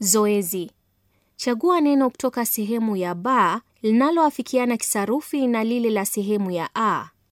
Zoezi. Chagua neno kutoka sehemu ya ba linaloafikiana kisarufi na lile la sehemu ya a.